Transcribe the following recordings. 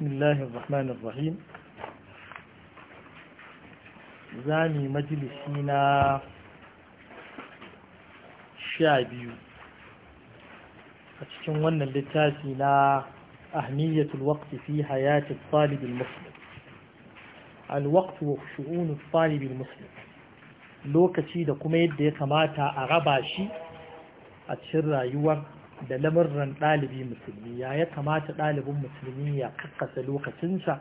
بسم الله الرحمن الرحيم زاني مجلسينا شابيو أتكن ون لتاسينا أهمية الوقت في حياة الطالب المسلم الوقت وشؤون الطالب المسلم لوكتي دا كما يدي كماتا أغباشي أتشرى يوم da lamurran ɗalibi musulmi ya ya kamata ɗalibin musulmi ya kakkasa lokacinsa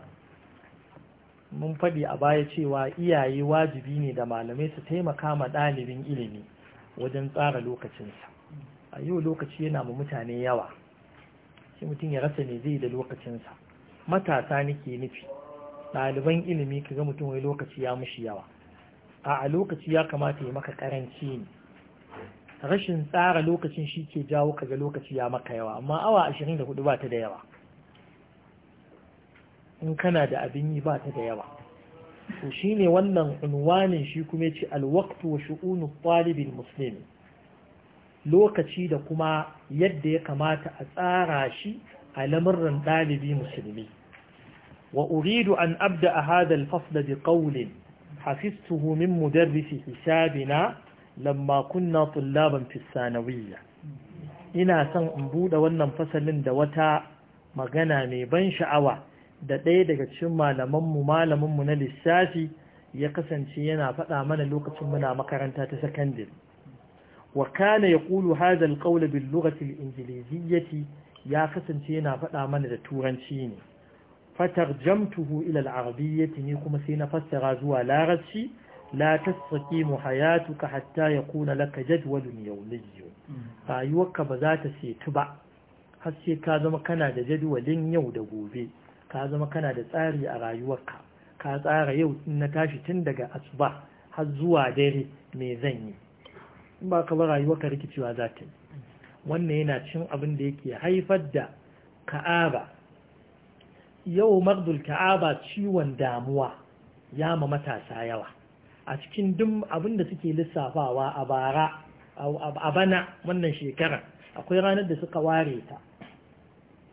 mun faɗi a baya cewa iyaye wajibi ne da malamai su taimaka ma ɗalibin ilimi wajen tsara lokacinsa a yau lokaci yana ma mutane yawa shi mutum ya rasa ne zai da lokacinsa matasa nake nufi ɗaliban ilimi ka ga mutum wai lokaci ya mushi yawa a lokaci ya kamata ya maka karanci ne rashin tsara lokacin shi ke jawo kaga lokaci ya maka yawa amma awa hudu ba ta da yawa in kana da abin yi ba ta da yawa to shine wannan unwanin shi kuma yace alwaqtu wa shu'unu talibin muslim lokaci da kuma yadda ya kamata a tsara shi a lamarin dalibi musulmi wa uridu an abda hadha alfasl bi qawlin حفظته من مدرس حسابنا lamma kunna tullaban ina son in bude wannan fasalin da wata magana mai ban sha'awa da ɗaya daga cikin malamanmu malaminmu na lissafi ya kasance yana faɗa mana lokacin muna makaranta ta sakandare wa kana yaqulu hadha alqawl bil lughati al ya kasance yana faɗa mana da turanci ne fatarjamtuhu ila al arabiyyati ni kuma sai na fassara zuwa larabci la tastaqimu hayatuka hatta yakuna laka jadwalun yawmi rayuwarka ba za ta setu ba har sai ka zama kana da jadwalin yau da gobe ka zama kana da tsari a rayuwarka ka tsara yau in na tashi tun daga asuba har zuwa dare me zan yi in ba ka ba rayuwarka rikicewa za ta yi wannan yana cin abin da yake haifar da ka'aba yau mardul ka'aba ciwon damuwa ya ma matasa yawa a cikin duk abin da suke lissafawa a bara a bana wannan shekara akwai ranar da suka ware ta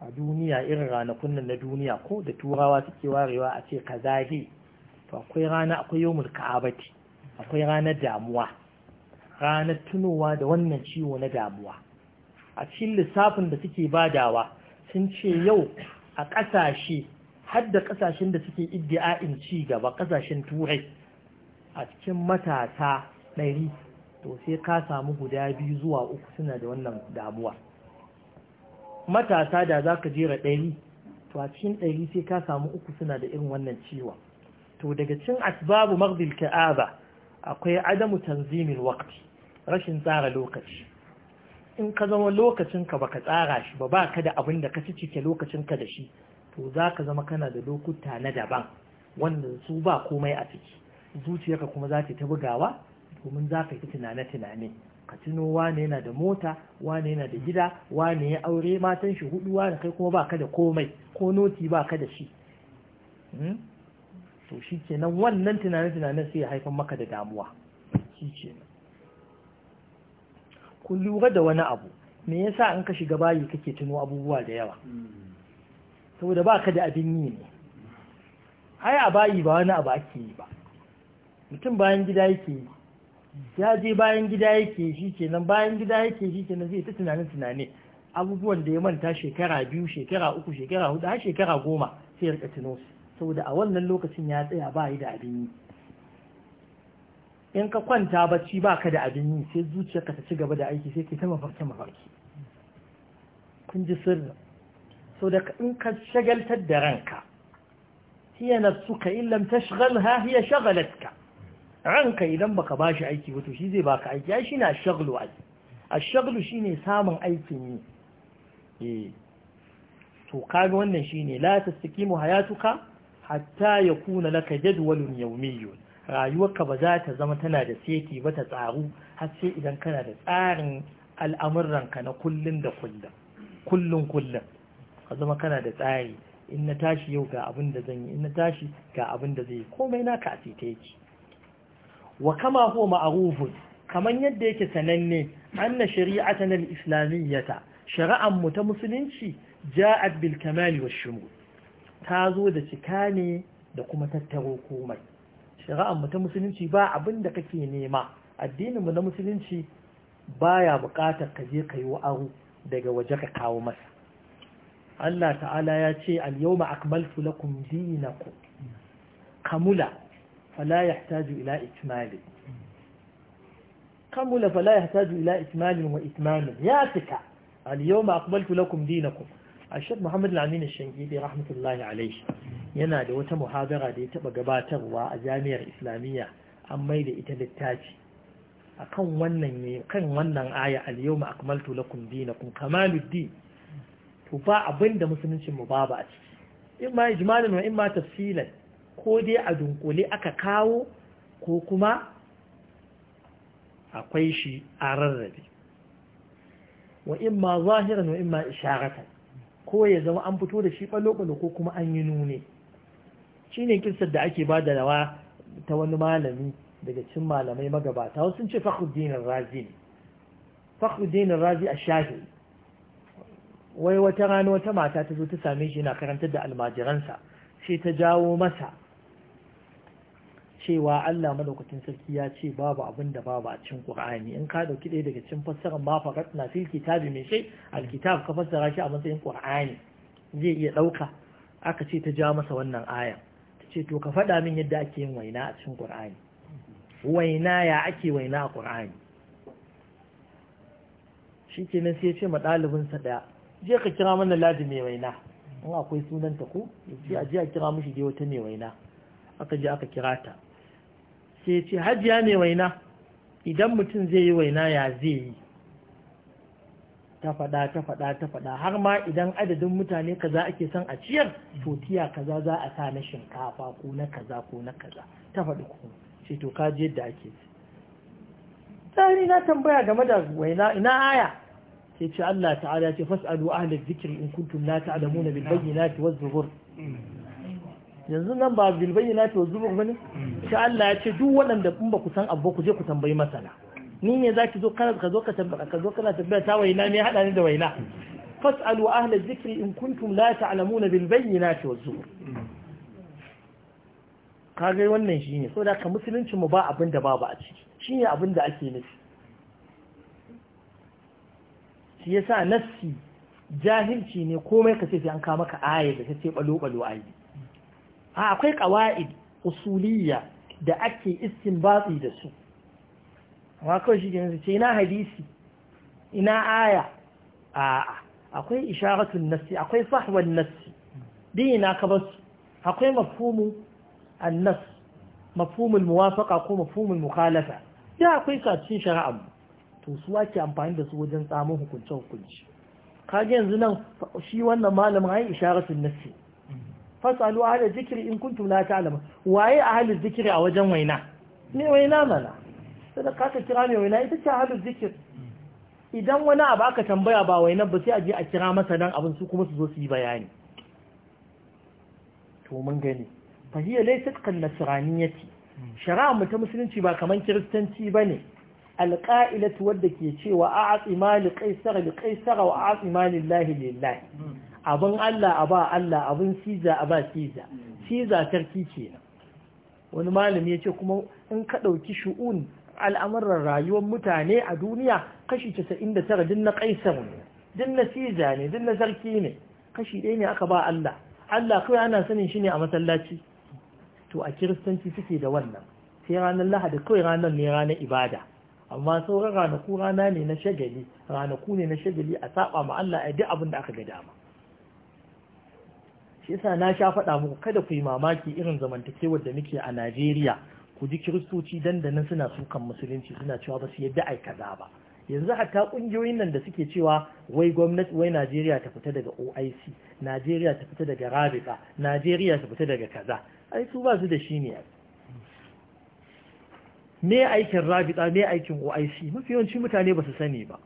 a duniya irin ranakun nan na duniya ko da turawa suke warewa a ce kazage to akwai rana akwai yawmul ka'abati akwai ranar damuwa ranar tunowa da wannan ciwo na damuwa a cikin lissafin da suke badawa sun ce yau a ƙasashe har da ƙasashen da suke iddia'in ci gaba ƙasashen turai a cikin matasa ɗari to sai ka samu guda biyu zuwa uku suna da wannan damuwa matasa da za ka jera ɗari to a cikin ɗari sai ka samu uku suna da irin wannan ciwon to daga cin asbabu maghdil ka'aba akwai adamu tanzimin wakti rashin tsara lokaci in ka zama lokacinka baka tsara shi ba ba ka da abin da ka cike lokacinka da shi to za ka zama kana da lokuta na daban wanda su ba komai a ciki zuciyarka kuma za ta ta bugawa domin za ka yi tunane-tunane ka tuno wane yana da mota wane yana da gida wane ya aure matan shi hudu wane kai kuma baka da komai ko noti baka da shi hmm? to shi kenan wannan tunane tunane sai ya haifar maka da damuwa shi kenan ku lura da wani abu me yasa an ka shiga bayi kake tuno abubuwa da yawa saboda baka da abin yi ne ai a bayi ba wani abu ake yi ba mutum bayan gida yake yi ya je bayan gida yake shi ke nan, bayan gida yake shi ke nan, zai ta tunane tunane abubuwan da ya manta shekara biyu shekara uku shekara hudu har shekara goma sai ya rika tuno saboda a wannan lokacin ya tsaya ba da abin yi in ka kwanta bacci ba ka da abin yi sai zuciyarka ta ci gaba da aiki sai ke ta mafarki mafarki kun ji sirri Sau da in ka shagaltar da ranka hiya nafsuka illam tashghalha hiya shaghalatka ranka idan baka bashi aiki wato shi zai baka aiki ya shi na shaglu aiki a shaglu shi ne samun aikin yi eh. to kaga wannan shi ne la suke hayatuka hatta ya kuna laka jadwalin yaumiyun rayuwarka ba za ta zama tana da seti ba ta tsaru har sai idan kana da tsarin al'amuranka na kullun da kullum ka zama kana da tsari in na tashi yau ga abin da zan yi in na tashi ga abin da zai komai naka a sita yake wa kama huwa ma'rufun kaman yadda yake sananne anna shari'atan al-islamiyyata shari'an mu ta musulunci ja'at bil kamali wa shumul ta zo da cika ne da kuma tattaro komai shari'an mu ta musulunci ba abin da kake nema addinin mu na musulunci baya buƙatar ka je ka wa wa'aru daga waje ka kawo masa Allah ta'ala ya ce al-yawma akmaltu lakum dinakum kamula فلا يحتاج إلى إكمال كمل فلا يحتاج إلى إكمال وإتمام ياتك اليوم أقبلت لكم دينكم الشيخ محمد العمين الشنقيطي رحمة الله عليه yana da wata muhabara da ya taɓa gabatarwa a jami'ar islamiyya an da ita littafi a kan wannan ne kan wannan aya al-yau ma'akamaltu lakum dinakum kamaluddin musulunci mu ba ba a ciki in ma ijmalin wa in ma tafsilan ko dai a dunkule aka kawo ko kuma akwai shi a rarrabe wa imma zahiran wa imma isharatan ko ya zama an fito da shi ɓalo-ɓalo ko kuma an yi nune shi ne da ake ba da rawa ta wani malami daga cikin malamai magabata wasu sun ce fakhruddinin razi ne razi a shafi wai wata rana wata mata ta zo ta same shi yana karantar da almajiransa sai ta jawo masa cewa Allah madaukakin sarki ya ce babu abin da babu a cikin Qur'ani in ka dauki ɗaya daga cikin fassarar ma faqat na fil kitabi min shay alkitab ka fassara shi a matsayin Qur'ani zai iya dauka aka ce ta ja masa wannan aya ta ce to ka faɗa min yadda ake yin waina a cikin Qur'ani waina ya ake waina a Qur'ani shikenan sai ya ce ma ɗalibinsa ɗaya je ka kira mana ladi mai waina in akwai sunanta ta ku je a kira mishi dai wata mai waina aka je aka kira ta sai ce hajiya ne waina idan mutum zai yi waina ya zai yi ta faɗa ta faɗa ta faɗa har ma idan adadin mutane kaza ake son a ciyar totiya kaza za a sa na shinkafa ko na kaza ko na kaza ta faɗi kuma ce to ka je yadda ake tsari na tambaya game da waina ina aya sai ce Allah ta'ala ce fas'alu ahli dhikri in kuntum la ta'lamuna bil bayyinati waz zubur mm. yanzu nan ba bil bayyinati waz zubur bane mm. sai Allah ya ce duk waɗanda kun ba ku san abu ku je ku tambayi masana ni ne za zo kana ka zo ka tambaya ka zo kana tambaya ta waina ne hada ni da waina fas'alu ahla dhikri in kuntum la ta'lamuna bil bayyinati waz kage wannan shine saboda ka musulunci mu ba abin da babu a ciki shine abin da ake nufi shi yasa nafsi jahilci ne komai ka ce sai an ka maka aya da ta ce balo balo ayi a akwai qawaid usuliyya da ake iskin batsi da su amma kawai shi gina ce ina hadisi ina aya a'a akwai isharatun nassi akwai sahwan nassi dina ka su akwai mafhumu annas mafhumul muwafaqa ko mafhumul mukhalafa ya akwai kacin shari'a to su ake amfani da su wajen tsamin hukunce hukunci kage yanzu nan shi wannan malamin ai isharatun nassi fasalu ahlal zikri in kuntum la ta'lamu waye ahlul zikri a wajen waina ne waina mana sai ka ka kira ne waina ita ce ahlul zikri idan wani abu aka tambaya ba waina ba sai a je a kira masa dan abin su kuma su zo su yi bayani to mun gani fa hiya laysat kan nasraniyati shari'a mu ta musulunci ba kaman kiristanci bane alqa'ilatu wadda ke cewa a'ati mali qaisara li qaisara wa a'ati mali lillahi lillahi hmm. abin Allah a ba Allah abin siza a ba siza siza sarki kenan wani malami ya ce kuma in ka ɗauki shu'un al'amuran rayuwar mutane a duniya kashi 99 din na kaisar ne din na siza ne din na sarki ne kashi ɗaya ne aka ba Allah Allah kawai ana sanin shi ne a masallaci to a kiristanci suke da wannan sai ranar lahadi kawai ranar ne ranar ibada amma sauran ranaku rana ne na shagali ranaku ne na shagali a saba ma Allah a duk abin da aka ga dama shi yasa na sha faɗa muku kada ku yi mamaki irin zamantakewar da muke a Najeriya ku ji kiristoci dandanan suna sukan musulunci suna cewa ba su yadda ai kaza ba yanzu hatta kungiyoyin nan da suke cewa wai gwamnati wai Najeriya ta fita daga OIC Najeriya ta fita daga Rabita Najeriya ta fita daga kaza ai su ba su da shi ne me aikin Rabita me aikin OIC mafi yawanci mutane ba su sani ba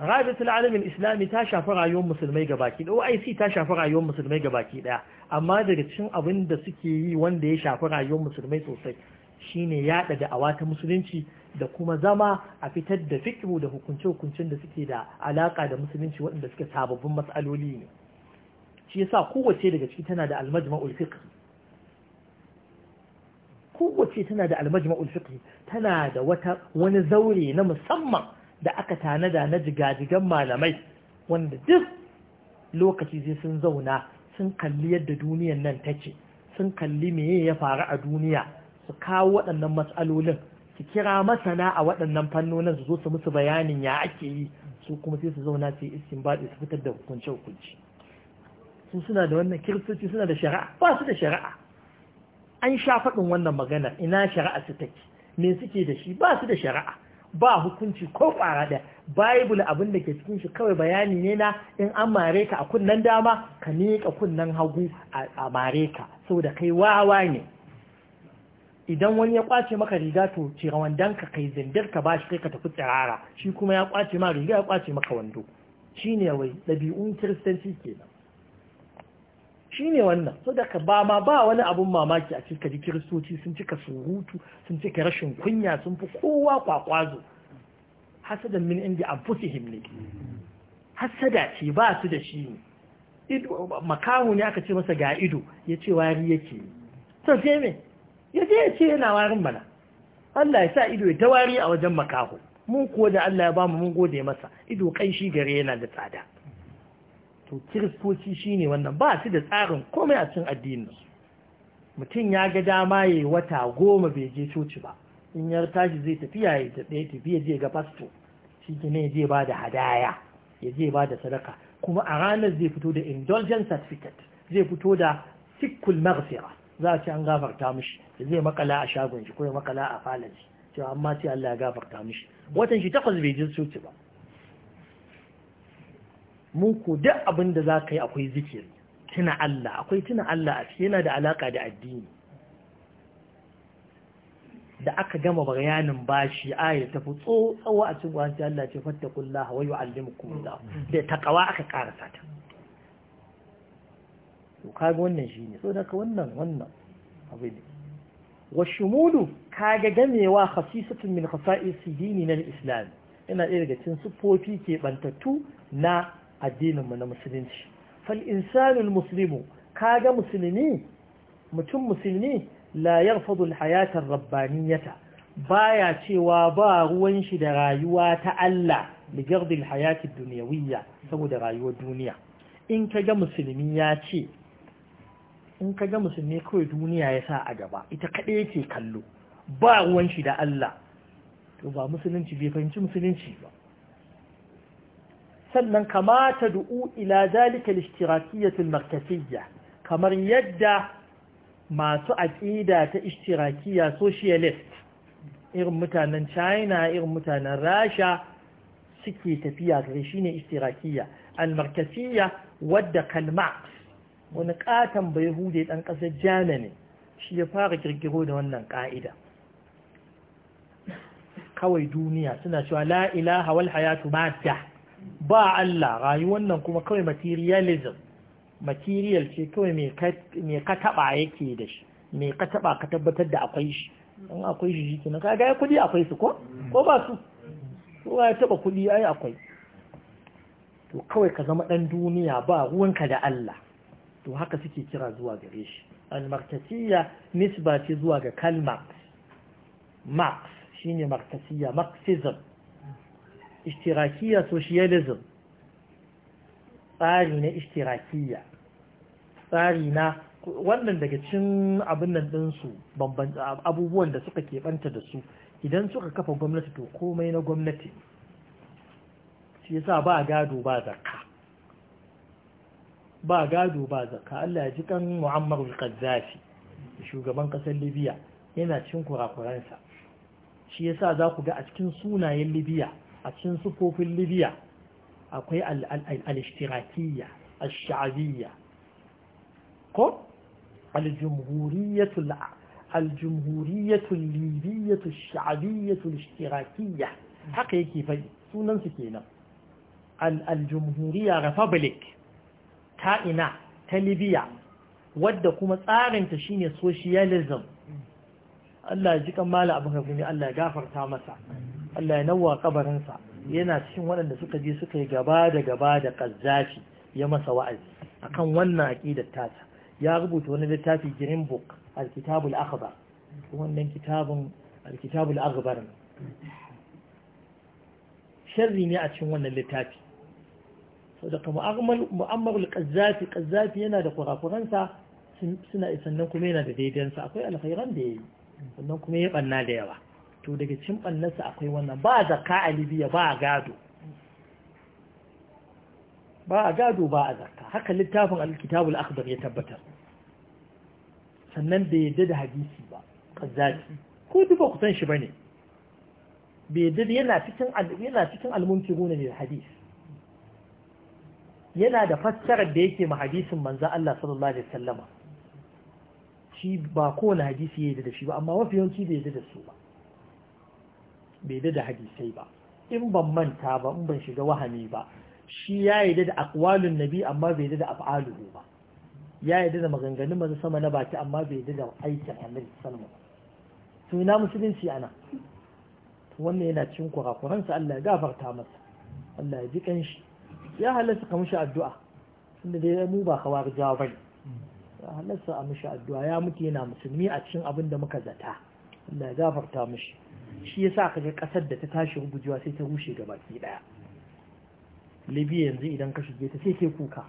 rabitul alamin islami ta shafi rayuwar musulmai gabaki ɗaya oic ta shafi rayuwar musulmai gabaki ɗaya amma daga cikin abin da suke yi wanda ya shafi rayuwar musulmai sosai shine yada da'awa ta musulunci da kuma zama a fitar da fikiru da hukunce-hukuncen da suke da alaka da musulunci waɗanda suke sababbin matsaloli ne shi yasa kowace daga ciki tana da almajma'ul fiqh kowace tana da almajma'ul fiqh tana da wata wani zaure na musamman da aka tanada na jigajigan malamai wanda duk lokaci sai sun zauna sun kalli yadda duniyan nan take sun kalli meye ya faru a duniya su kawo waɗannan matsalolin su kira masana a waɗannan fannonin su zo su musu bayanin ya ake yi su kuma sai su zauna su yi istinbadi su fitar da hukunce hukunci su suna da wannan kiristoci suna da shari'a ba su da shari'a an sha faɗin wannan magana ina shari'a su take me suke da shi ba su da shari'a ba hukunci ko ƙwara da bible abin da ke cikin shi kawai bayani ne na in an mare ka a kunnen dama ka miƙa kunnen hagu a mare ka saboda kai wawa ne idan wani ya kwace maka riga to ce wandan ka kai zindir ka shi kai ka tafi tsirara shi kuma ya kwace ma riga ya kwace maka wando shine wai ɗabi'un kiristanci kenan shi ne wannan so da ka ba ma ba wani abun mamaki a cikin kaji kiristoci sun cika surutu sun cika rashin kunya sun fi kowa kwakwazo hasadan min inda an fusi ne hasada ce ba su da shi ne makamu ne aka ce masa ga ido ya ce wari yake to sai me ya je ya ce yana warin mana Allah ya sa ido ya ta wari a wajen makaho mun kuwa da Allah ya ba mu mun gode masa ido kanshi gare yana da tsada to kiristoci shine wannan ba su da tsarin komai a cikin addinin mutum ya ga dama yayi wata goma bai je coci ba in ya tashi zai tafi ya tafiya tafiya zai ga fasto shi ne zai ba da hadaya ya je ba da sadaka kuma a ranar zai fito da indulgence certificate zai fito da sikul maghfira za a ce an gafarta mishi da zai makala a shagon shi ko ya makala a falon shi cewa amma sai Allah ya gafarta mishi watan shi takwas bai je coci ba muku duk abin da za ka yi akwai zikiri tuna Allah akwai tuna Allah a yana da alaka da addini da aka gama bayanin bashi aya ta fi tsawo a cikin wasu Allah ce fattakullaha wa yu'allimukum Allah da takawa aka karasa ta to kaga wannan shine so daga wannan wannan abin ne wa shumulu kaga gamewa khasisatun min khasa'is dinina al-islam ina ɗaya daga cikin sufofi ke bantattu na Addinin mu na musulunci fal insanul muslimu kaga musulmi mutum musulmi layar yarfadu alhayatar rabbaniyata baya cewa ba ruwan shi da rayuwa ta Allah li gardil hayatar dunyawiyya saboda rayuwar duniya in kaga musulmi ya ce in kaga musulmi kawai duniya ya sa a gaba ita kaɗai yake kallo ba ruwan shi da Allah to ba musulunci bai fahimci musulunci ba sannan kamata du'u ila zalika al-ishtirakiyyatul markaziyya kamar yadda masu aqida ta ishtirakiyya socialist irin mutanen china irin mutanen Russia suke tafiya gare shi ne ishtirakiyya al almarkasiya wadda kalma wani katon bai hude ɗan ƙasar jana shi ya fara kirkiro da wannan ka'ida kawai duniya suna cewa la ilaha wal hayatu mata ba Allah rayuwar nan kuma kawai materialism material ce kawai mai kataba yake da shi mai kataba ka tabbatar da akwai shi an akwai shi shi na kaga ya kudi akwai su ko ko ba su ko ya taba kudi ai akwai to kawai ka zama dan duniya ba ruwanka da Allah to haka suke kira zuwa gare shi al-markasiyya nisba ce zuwa ga kalma Marx shine markasiyya marxism ishtirakiya socialism tsari na ishtirakiya tsari na wannan daga cin abin nan ɗinsu abubuwan da suka ke banta da su idan suka kafa gwamnati to komai na gwamnati shi yasa ba gado ba zakka ba gado ba zakka Allah ya ji kan Muammar al-Qaddafi shugaban kasar Libya yana cin kurakuransa shi yasa za ku ga a cikin sunayen Libya a cikin sufofin libya akwai al-ishtirakiyya al-sha'abiyya ko al-jumhuriyyatul al-jumhuriyyatul libiyyatul sha'abiyyatul ishtirakiyya haka yake fa sunan su kenan al-jumhuriyya republic ta ina ta libya wadda kuma tsarinta shine socialism Allah ji kan mala abu ne Allah ya gafarta masa Allah ya nawa kabarinsa yana cikin waɗanda suka je suka yi gaba da gaba da ƙazzafi ya masa wa'azi a kan wannan aƙidar tasa ya rubuta wani littafi green book alkitabul akhbar wannan kitabun alkitabul akhbar sharri ne a cikin wannan littafi saboda mu'ammarul qazzafi qazzafi yana da kurakuransa suna sannan kuma yana da daidansa akwai alkhairan da ya yi sannan kuma ya banna da yawa to daga cin ɓallarsa akwai wannan ba zakka a libya ba a gado ba a gado ba a zakka haka littafin alkitabul akbar ya tabbatar sannan bai yadda da hadisi ba kazzali ko duba ku san shi ne bai yadda da yana cikin yana cikin almuntiruna ne hadisi yana da fassarar da yake ma hadisin manzo Allah sallallahu alaihi wasallama shi ba kowane hadisi ya yadda da shi ba amma mafi yawanci bai yadda da su ba bai da hadisai ba in ban manta ba in ban shiga wahami ba shi ya yi da akwalun nabi amma bai da af'aluhu ba ya yi da maganganun masu sama na baki amma bai da aikin annabi sallallahu alaihi na musulunci ana wannan yana cikin kurakuransa Allah ya gafarta masa Allah ya ji kanshi ya halasta ka mushi addu'a tunda dai mu ba kawar jawabai ya halasta a mushi addu'a ya mutu yana musulmi a cikin abin da muka zata Allah ya gafarta mushi shi yasa ka ga kasar da ta tashi rugujewa sai ta rushe ga baki daya libya yanzu idan ka shige ta sai kuka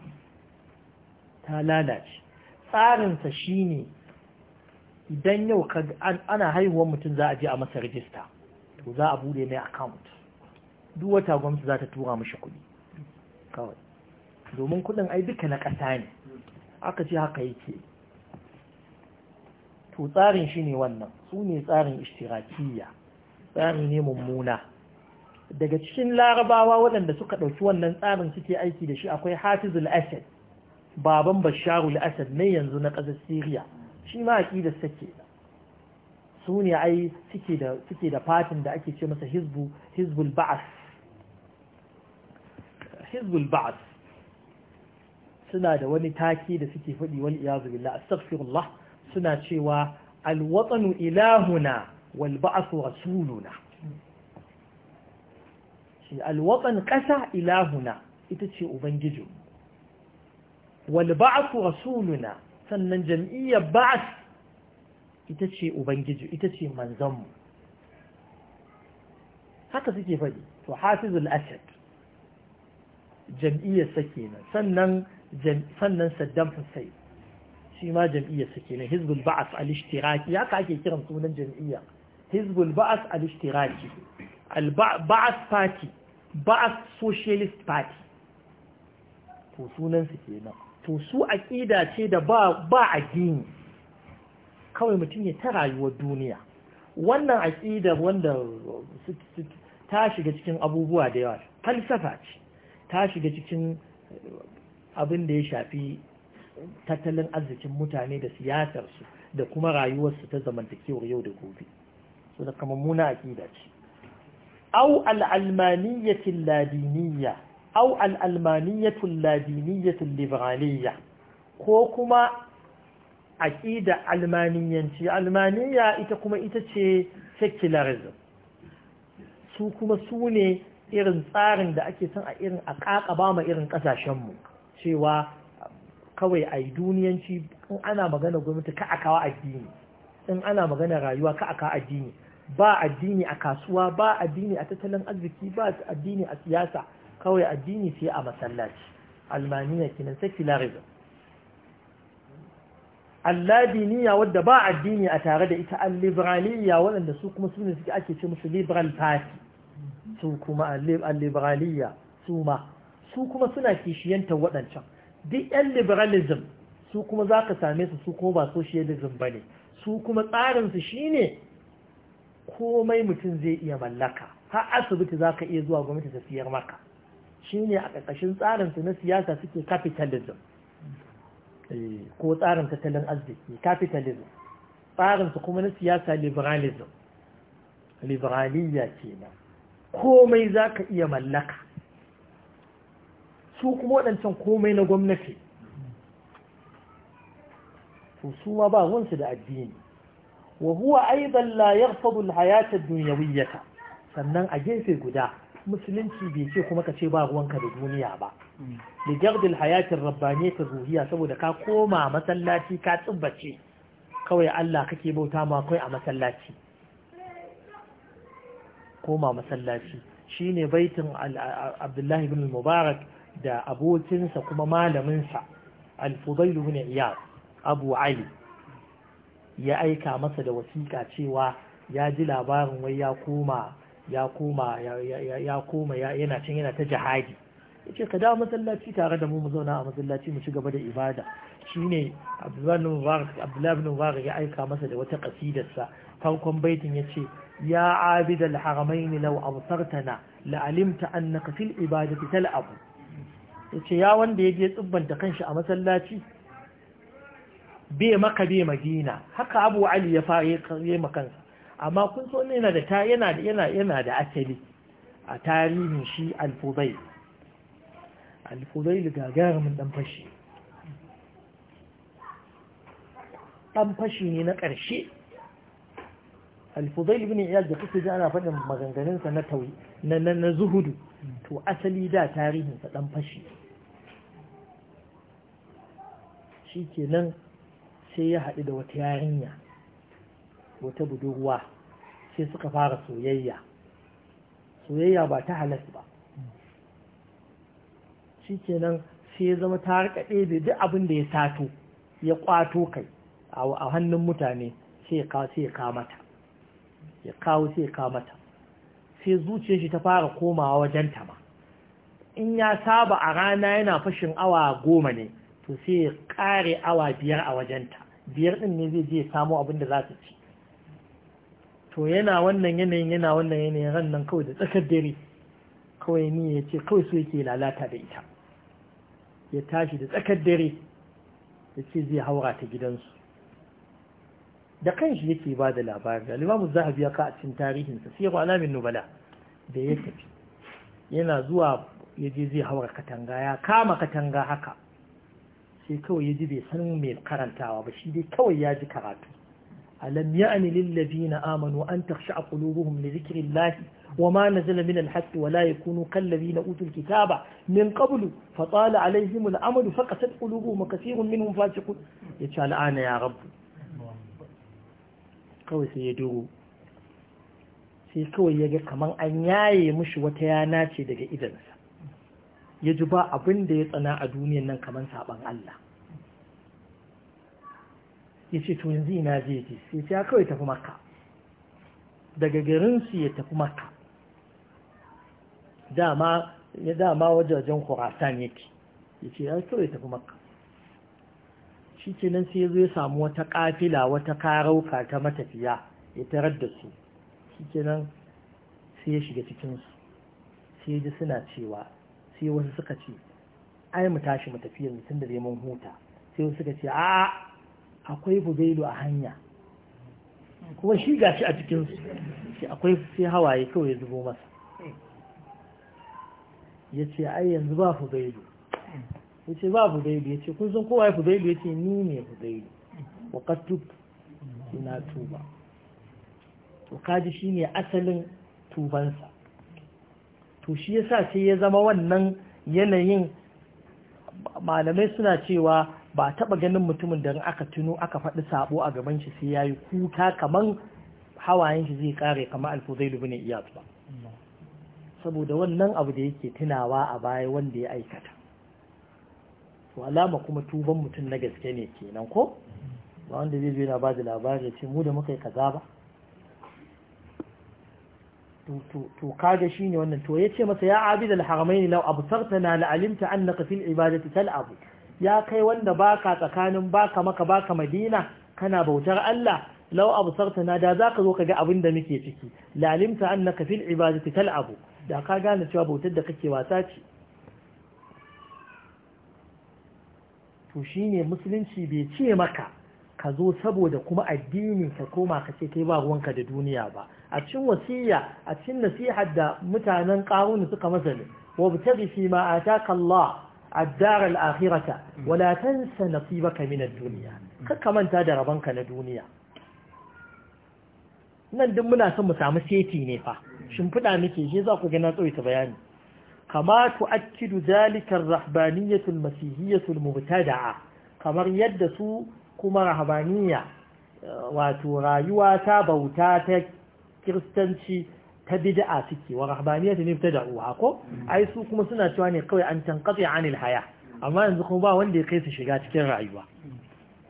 ta lalace tsarinsa shine idan yau ana haihuwar mutum za a je a masa rijista to za a bude mai account duk wata gwamnati za ta tura mashi kuɗi kawai domin kuɗin ai duka na ƙasa ne aka ce haka yake to tsarin shi ne wannan su ne tsarin ishtirakiyya tsari ne mummuna daga cikin larabawa waɗanda suka ɗauki wannan tsarin suke aiki da shi akwai hafizul asad baban basharul asad ne yanzu na ƙasar syria shi ma aƙidar sake su ne ai suke da fatin da ake ce masa hizbul ba'as hizbul ba'as suna da wani taki da suke faɗi wani iyazu billah astaghfirullah suna cewa alwatsanu ilahuna wal ba'athu rasuluna shi alwatan ƙasa ilahuna ita ce ubangiji wal ba'athu rasuluna sannan jam'iyyar ba'as ita ce ubangiji ita ce manzanmu haka suke faɗi to hafizul asad jam'iyyarsa kenan sannan sannan saddam hussein shi ma jam'iyyarsa kenan hizbul ba'as al haka ake kiran sunan jam'iyya hizbul ba'as al-ishtiraki al-ba'as party ba'as socialist party to sunansu kenan to su aƙida ce da ba addini kawai mutum ya ta rayuwar duniya wannan aqida wanda ta shiga cikin abubuwa da yawa falsafa ce ta shiga cikin abin da ya shafi tattalin arzikin mutane da siyasarsu da kuma rayuwarsu ta zamantakewar yau da gobe so da kamar muna aƙida ce au al'almaniyyatin ladiniyya au al'almaniyyatin ladiniyyatin liberaliyya ko kuma aƙida almaniyyanci almaniyya ita kuma ita ce secularism su kuma su ne irin tsarin da ake son a irin a ba ma irin ƙasashenmu cewa kawai a yi duniyanci in ana magana gwamnati ka a kawo addini in ana magana rayuwa ka a kawo addini ba addini a kasuwa ba addini a tattalin arziki ba addini a siyasa kawai addini sai a masallaci almaniya kinan secularism alladiniya wadda ba addini a tare da ita alliberaliya waɗanda su kuma su ne suke ake ce musu liberal party su kuma alliberaliya su ma su kuma suna kishiyanta waɗancan duk yan liberalism su kuma za ka same su su kuma ba socialism ba ne su kuma tsarinsu shine komai mutum zai iya mallaka har asibiti za ka iya zuwa gwamnati ta siyar maka shine a ƙarƙashin tsarinsu na siyasa suke capitalism eh, ko tsarin tattalin arziki capitalism tsarinsu kuma na siyasa liberalism liberaliyya kenan komai za ka iya mallaka su kuma waɗancan komai na gwamnati su ma ba wansu da addini wa huwa aidan la yaghfadu al sannan a gefe guda musulunci bai ce kuma ka ce ba ruwanka da duniya ba da jardin hayatin rabbani ta zuhiya saboda ka koma masallaci ka tsubbace kawai Allah kake bauta ma kai a masallaci koma masallaci shine baitin Abdullahi bin Mubarak da abokinsa kuma malamin sa Al-Fudayl Abu Ali ya aika masa da wasiƙa cewa ya ji labarin wai ya koma ya koma ya koma yana cin yana ta jihadi ya ce ka dawo masallaci tare da mu mu zauna a masallaci mu ci gaba da ibada shine abdullahi bin mubarak ya aika masa da wata kasidarsa farkon baitin ya ce ya abid al-haramain law absartana la alimta annaka fil ibadati tal'ab ya ce ya wanda ya je tsibbanta kanshi a masallaci bai maka bai madina, haka abu ali ya fara ya makansa amma kun so ne yana da yana da yana yana da asali a tarihin shi al-fudayl al-fudayl gagarumin dan fashi dan fashi ne na ƙarshe al-fudayl ibn iyad da kuka ji ana faɗin maganganun sa na tawi na na zuhudu to asali da tarihin sa dan fashi shikenan sai ya haɗu da wata yarinya wata budurwa sai suka fara soyayya soyayya ba ta halas ba shi kenan sai ya zama ta harka ɗebe duk abin da ya sato ya ƙwato kai a hannun mutane sai ya kawo sai ya kamata kawo sai ya ta. sai zuciyar shi ta fara komawa wajen ta in ya saba a rana yana fashin awa goma ne to sai ya ƙare awa biyar a wajenta biyar ɗin ne zai je samo abin da za ta ci to yana wannan yanayin yana wannan yanayin ran nan kawai da tsakar dare kawai ni ya ce kawai su yake lalata da ita ya tashi da tsakar dare ya ce zai haura ta gidansu da kanshi yake ba da labari da za a biya ka a cikin tarihinsa sai ya alamin nubala da ya tafi yana zuwa ya je zai haura katanga ya kama katanga haka sai kawai ya ji bai san mai karantawa ba shi dai kawai ya ji karatu alam ya'ni lil ladina amanu an takhsha qulubuhum li dhikrillahi wama nazala min al-haqq wa la yakunu kal ladina utul kitaba min qablu fa tala alaihim al-amad fa qasat qulubuhum kaseerun minhum fasiqun yace al'ana ya rabb kawai sai ya dogo sai kawai ya ga kaman an yaye mushi wata yana ce daga idansa ya ji ba abin da ya tsana a duniyan nan kamar saban Allah ya ce to yanzu ina zai je sai ya kawai tafi maka daga garinsu ya tafi maka dama ya dama wajajen khurasan yake ya ce ya kawai tafi maka shi ce nan sai ya samu wata kafila wata karauka ta matafiya ya tarar da su shi ke nan sai ya shiga cikinsu sai ya ji suna cewa sai wasu suka ce ai mu tashi mu tafi yanzu tun da zai mun huta sai wasu suka ce a akwai bubailu a hanya kuma shi gashi a cikin su akwai sai hawaye kawai zubo masa ya ce ai yanzu ba fudailu ya ce ba fudailu ya ce kun san kowa ya fudailu ya ce ni ne fudailu wa kattub ina tuba to kaji shi ne asalin tubansa to shi yasa sai ya zama wannan yanayin malamai suna cewa ba taɓa ganin mutumin da aka tuno aka faɗi sabo a gaban shi sai yayi kuka kaman hawayen shi zai kare kamar alfuzailu bin iyad ba saboda wannan abu da yake tunawa a baya wanda ya aikata to alama kuma tuban mutum na gaske ne kenan ko wanda zai zo yana ba da labari ya ce mu da muka yi kaza ba to kaga shine wannan to yace masa ya abid al-haramain law absartana la annaka fil ibadati tal'abu ya kai wanda baka tsakanin baka maka baka madina kana bautar Allah law absartana da zaka zo kaga abin da muke ciki la annaka fil ibadati tal'abu da ka gane cewa bautar da kake wasa ce to shine musulunci bai ce maka ka zo saboda kuma addini ka koma ka ce kai ba ruwanka da duniya ba a cikin wasiya a cikin nasihar da mutanen ƙaruni suka masa ne wa btaghi fi ma ataka Allah ad-dar al-akhirata wa la tansa nasibaka min ad-dunya ka manta da rabanka na duniya nan duk muna son mu samu seti ne fa shimfiɗa muke shi za ku ga na tsoyi ta bayani kama tu'akkidu zalika ar-rahbaniyyatu al-masihiyyatu al-mubtada'a kamar yadda su kuma rahabaniya wato rayuwa ta bauta ta kiristanci ta bid'a suke wa rahabaniya ta nifta da uwa ko ai su kuma suna cewa ne kawai an tankafe anil haya amma yanzu kuma ba wanda ya kai su shiga cikin rayuwa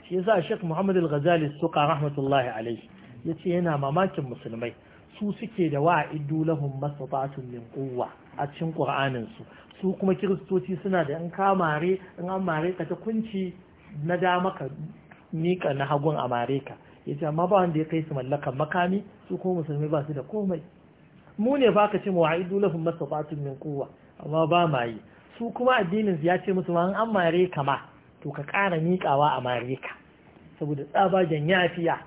shi yasa Sheikh Muhammad Al-Ghazali suka rahmatullahi alaihi yace yana mamakin musulmai su suke da wa'idu lahum masatatun min quwwa a cikin Qur'anin su su kuma kiristoci suna da in kamare, in an mare ka ta kunci na dama ka mika na hagun a ya ce amma ba wanda ya kai su mallakan makami su kuma musulmi ba su da komai mu ne ba ka ce mu wa'idu lahum masabatun min kowa amma ba ma yi su kuma addinin ya ce musu ma an mare ka ma to ka ƙara miƙawa a mare ka saboda tsabagen yafiya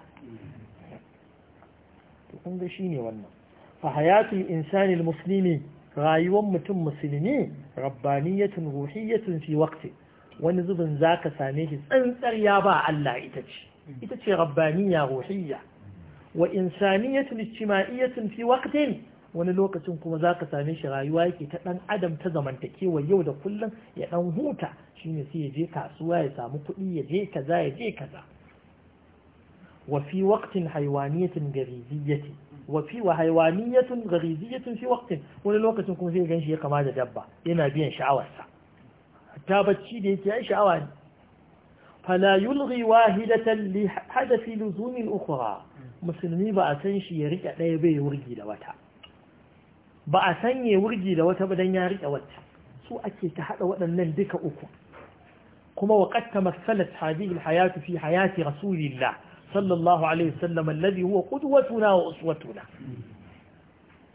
to kun ga shine wannan fa hayatul insani muslimi rayuwar mutum musulmi rabbaniyatun ruhiyatun fi waqti wani zubin za ka same shi tsantsar ya ba Allah ita ce ita ce rabbaniya ruhiyya wa insaniyatun ijtima'iyatun fi waqtin wani lokacin kuma za ka same shi rayuwa yake ta ɗan adam ta zamantakewa yau da kullum ya ɗan huta shine sai ya je kasuwa ya samu kuɗi ya je kaza ya je kaza wa fi waqtin haywaniyatin gariziyyati wa fi wa haywaniyatin gariziyatin fi waqtin wani lokacin kuma sai ganshi ya kama da dabba yana biyan sha'awarsa ta bacci da yake a sha'awa ne fala yulghi wahidatan li hadathi luzumi ukhra musulmi ba a san shi ya rike ɗaya bai wurgi da wata ba a san ya wurgi da wata ba dan ya rike wata su ake ta hada waɗannan duka uku kuma wa qad tamassalat hadhihi alhayatu fi hayati rasulillah sallallahu alaihi wasallam alladhi huwa qudwatuna wa uswatuna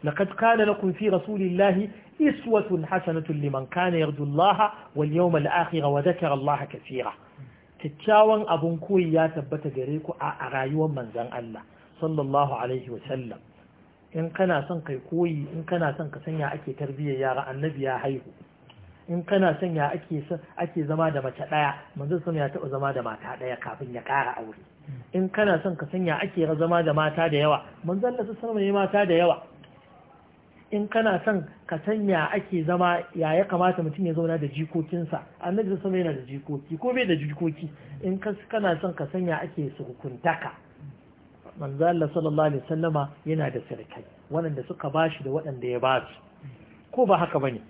لقد كان لكم في رسول الله إسوة حسنة لمن كان يرجو الله واليوم الآخر وذكر الله كثيرا تتشاوان أبن كوي يا ثبت جريكو أرايو من زن الله صلى الله عليه وسلم إن كان سنك كوي إن كان سنك سنيا أكي تربية يا رأى النبي يا حيه in kana son ya ake ake zama da mace daya manzo sun ya taɓa zama da mata daya kafin ya ƙara aure in kana son ka sanya ake zama da mata da yawa manzo Allah sallallahu alaihi mata da yawa in kana son ka san ya ake zama ya ya kamata mutum ya zauna da jikokinsa annabi sun yana da jikoki ko bai da jikoki in kana son ka san ya ake surukuntaka manzo Allah sallallahu alaihi wasallama yana da sirkai waɗanda suka bashi da waɗanda ya ba su ko ba haka bane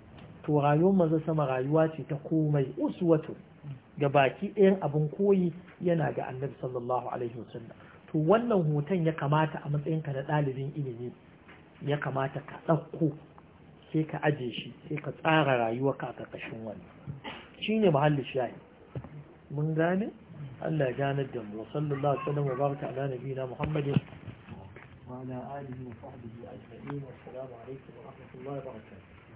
to rayuwar manzo sama rayuwa ce ta komai uswatu ga baki ɗayan abin koyi yana ga annabi sallallahu alaihi wasallam to wannan hoton ya kamata a matsayinka na ɗalibin ilimi ya kamata ka ɗauko sai ka aje shi sai ka tsara rayuwa ka a ƙarƙashin wani shi ne mahallin shayi mun gane Allah ya ganar da mu sallallahu alaihi wasallam wa baraka ala nabiyina muhammadin wa ala alihi wa sahbihi ajma'in assalamu alaikum wa rahmatullahi wa barakatuh